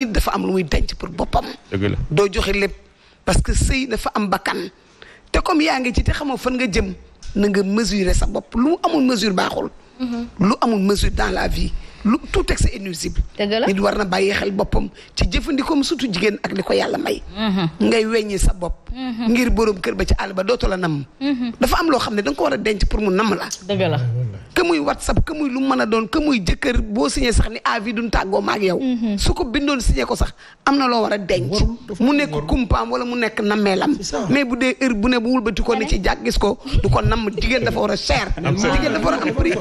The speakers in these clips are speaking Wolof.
nit dafa am lu muy denc pour boppam. doo joxe lépp parce que sëy dafa am bakkan te comme yaa ngi ci te xamoo fan nga jëm na nga mesurer sa bopp lu amul mesure baaxul. Mm-hmm. lu amul mesure dans la vie. lu tout texte est nuisible. nit war na bàyyi xel boppam ci jëfandikoom surtout jigéen ak li ko yàlla may. Mm-hmm. ngay weññi sa bopp. Mm-hmm. ngir borom kër ba ci àll ba dootoo la nam. Mm-hmm. dafa am loo xam ne da nga ko war a denc pour mu nam la. dëgg a ah, a mu nekk kumpaam wala mais bu dee heure bu ne bu wulbati ko ni ci jàkk ko du ko nam jigéen dafa war a cher. jigéen dafa war a am prix.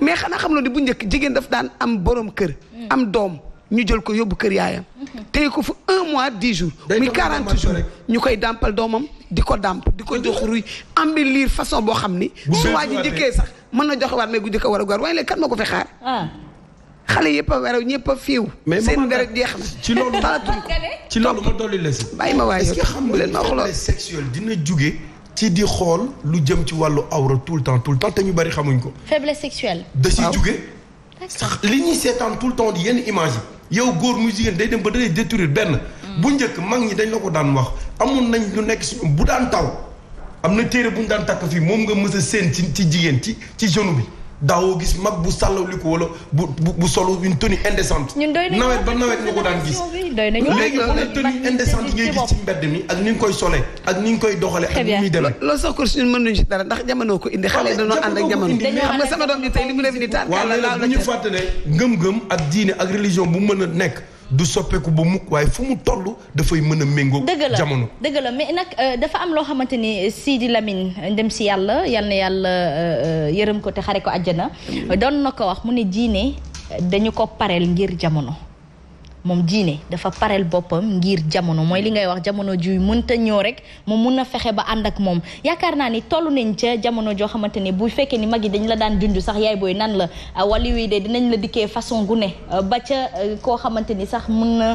mais xanaa xam loolu bu njëkk jigéen dafa daan am boroom kër. am doom ñu jël ko yóbbu kër yaayam. tey ko fu un mois di jour muy quarante jours ñu koy dàmpal doomam di ko dàmp di ko jox ruy am bi liir façon boo xam ni. su waa ji njëkkee sax mën na joxe waat mais guddi ko war a gor waaye léegi kan moo ko fi xaar. Ah. xale yëpp a wera ñëpp a fiiw. seen dara jeex na ci loolu ci loolu ma dolli si. bàyyi ma waaye est-ce que xam nga sexuel dina jóge ci di xool lu jëm ci wàllu awra tout le temps tout ñu bari xamuñ ko. faiblesse sexuelle. da ciy jóge li ñuy seetaan tout le temps di yenn image yow góor muy jigéen day dem ba day détruire benn. Mm. bu njëkk mag ñi dañ la ko daan wax amoon nañ lu nekk si bu daan taw am na téere bu ñu daan takk fii moom nga mës a séen ci ci jigéen ci ci genou bi. daawoo gis mag bu ko wolo bu bu solo une tenue indécente. nawet ba nawet nga ko daan gis. léegi nag tenue indécente ngay gis ci mbedd mi ak ni nga koy solee ak ni nga koy doxalee. ak loolu sax ko ñun mën nañu ci dara ndax jamono ko indi xale dañoo ànd ak jamono. xam nga sama doom ji tey li mu leen di taal. la ñu fàtte ne ngëm ak diine ak religion bu mën a nekk du soppeeku ba mukk waaye fu mu toll dafay mën a méngoo jamono dëgg la mais nag euh, dafa am loo xamante ni Sidi Lamine ndem euh, si yàlla yal na yàlla euh, yërëm ko te xare ko àjjana doon na ko wax mu ne diine dañu ko pareel ngir jamono moom diine dafa pareel boppam ngir jamono mooy li ngay wax jamono juy mënta ñëw rek moom mun na fexe ba ànd ak moom yaakaar naa ni toll nañ ca jamono joo xamante ne buy fekkee ni mag yi dañ la daan dund sax yaay booy nan la ah, wali wi de dinañ la dikkee façon gune ah, ba ca ah, koo xamante ni sax mun na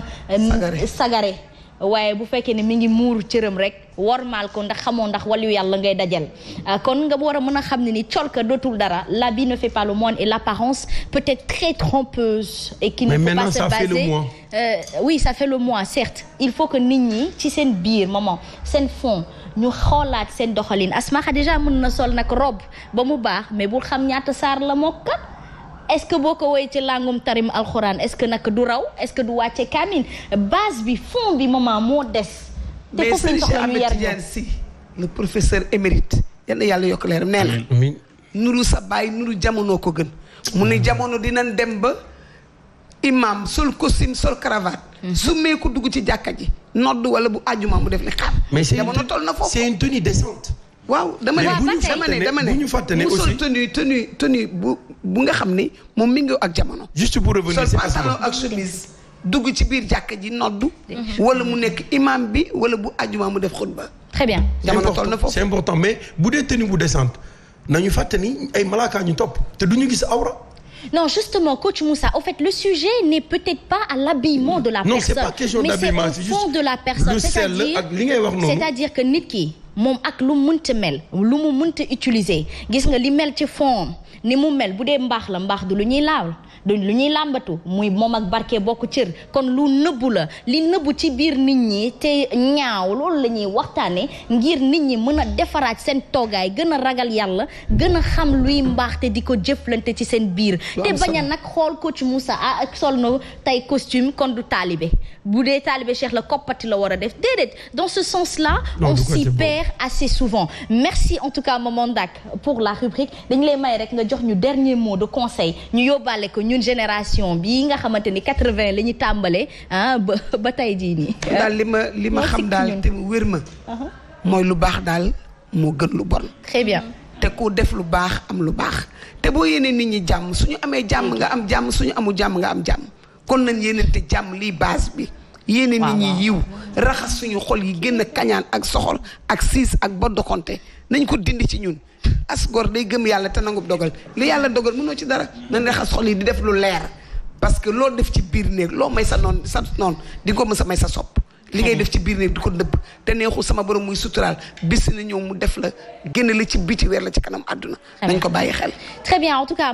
sagare waaye bu fekkee ne mi ngi muuru cëram rek war wormaal ko ndax xamoo ndax wallu yàlla ngay dajal euh, kon nga war a mën a xam ne ni colka dootul dara l'habit ne fait pas le moine et l'apparence peut être très trompeuse et qu'il ne faut pas se baser Euh, oui ça fait le mois certes il faut que nit ñi ci seen biir maman seen fond ñu xoolaat seen doxalin Asma Khadija mun na sol nag robe ba mu baax mais bul xam ñaata saar la mokka est-ce que boo ko woy ci langum tarim alxuraan est-ce que nag du raw est-ce que du wàcce kaamil base bi fond bi moment moo des. te foofu lañ soxla ñu yar na yàlla yokk leeram nee na. nuru sa baay nuru jamono ko gën. mu ne jamono dina dem ba imam sol costume sol cravate. Mhm. su meeku dugg ci jàkka ji nodd wala bu àjjuma mu def ni xaar. mais c'est une tenue décente. waaw dama ne bu ñu dama ne dama ne bu ñu fàttane aussi mu sol tenue tenue tenue bu bu nga xam ni moom mi ngi ak jamono. juste pour revenir sol pantalon ak chemise. dugg ci biir jàkka ji noddu. wala mu nekk imam bi wala bu àjjuma mu def xutba. très bien jamono toll na foofu c'est important mais bu dee tenue bu décente nañu fàtte ni ay malaaka ñu topp te du ñu gis awra. non justement coach Moussa au fait le sujet n'est peut-être pas à l'habillement de la. Non, personne non c'est pas question de la personne. li ngay wax noonu c'est-à-dire nit ki. moom ak lu mënta mel lu mu mënta utiliser gis nga li mel ci fond ni mu mel bu dee mbaax la mbaax du lu ñuy laal dañ lu ñuy làmbatu muy moom ak barke bokk cër kon lu nëbbu la li nëbbu ci biir nit ñi te ñaaw loolu la ñuy waxtaane ngir nit ñi mën a defaraat seen toogaay gën a ragal yàlla gën a xam luy mbaax te di ko jëflante ci seen biir te bañ a nag xool coach Moussa a ah, ak sol na tey costume kon du taalibe bu dee taalibe Cheikh la koppati la war a def déedéet dans ce sens là on s'y perd assez souvent merci en tout cas Maman Ndak pour la rubrique dañ lay may rek nga jox ñu dernier mot ñun génération bii nga xamante ni quatre vingt la ñu tàmbalee ah ba ba tey jii nii. li ma li ma xam daal te wér ma. Uh-huh. mooy lu baax daal moo gën lu bon. très te koo def lu baax am lu baax te boo yéenee nit ñi jàmm suñu amee jàmm nga am jàmm suñu amul jàmm nga am jàmm kon nañ yéenante jàmm lii base bi. yéene nit ñi yiw raxas suñu xol yi génn kañaan ak soxor ak siis ak boddokonte nañ ko dindi ci ñun as gor day gëm yàlla te nangub dogal li yàlla dogal mënoo ci dara nañ raxas xol yi di def lu leer parce que loo def ci biir néeg loo may sa noon sa noon di ko mës a may sa sopp li ngay def ci biir néeg di ko dëbb te neexul sama borom muy suturaal bis na ñëw mu def la génn la ci biti weer la ci kanam àdduna nañ ko bàyyi xel très bien en tout cas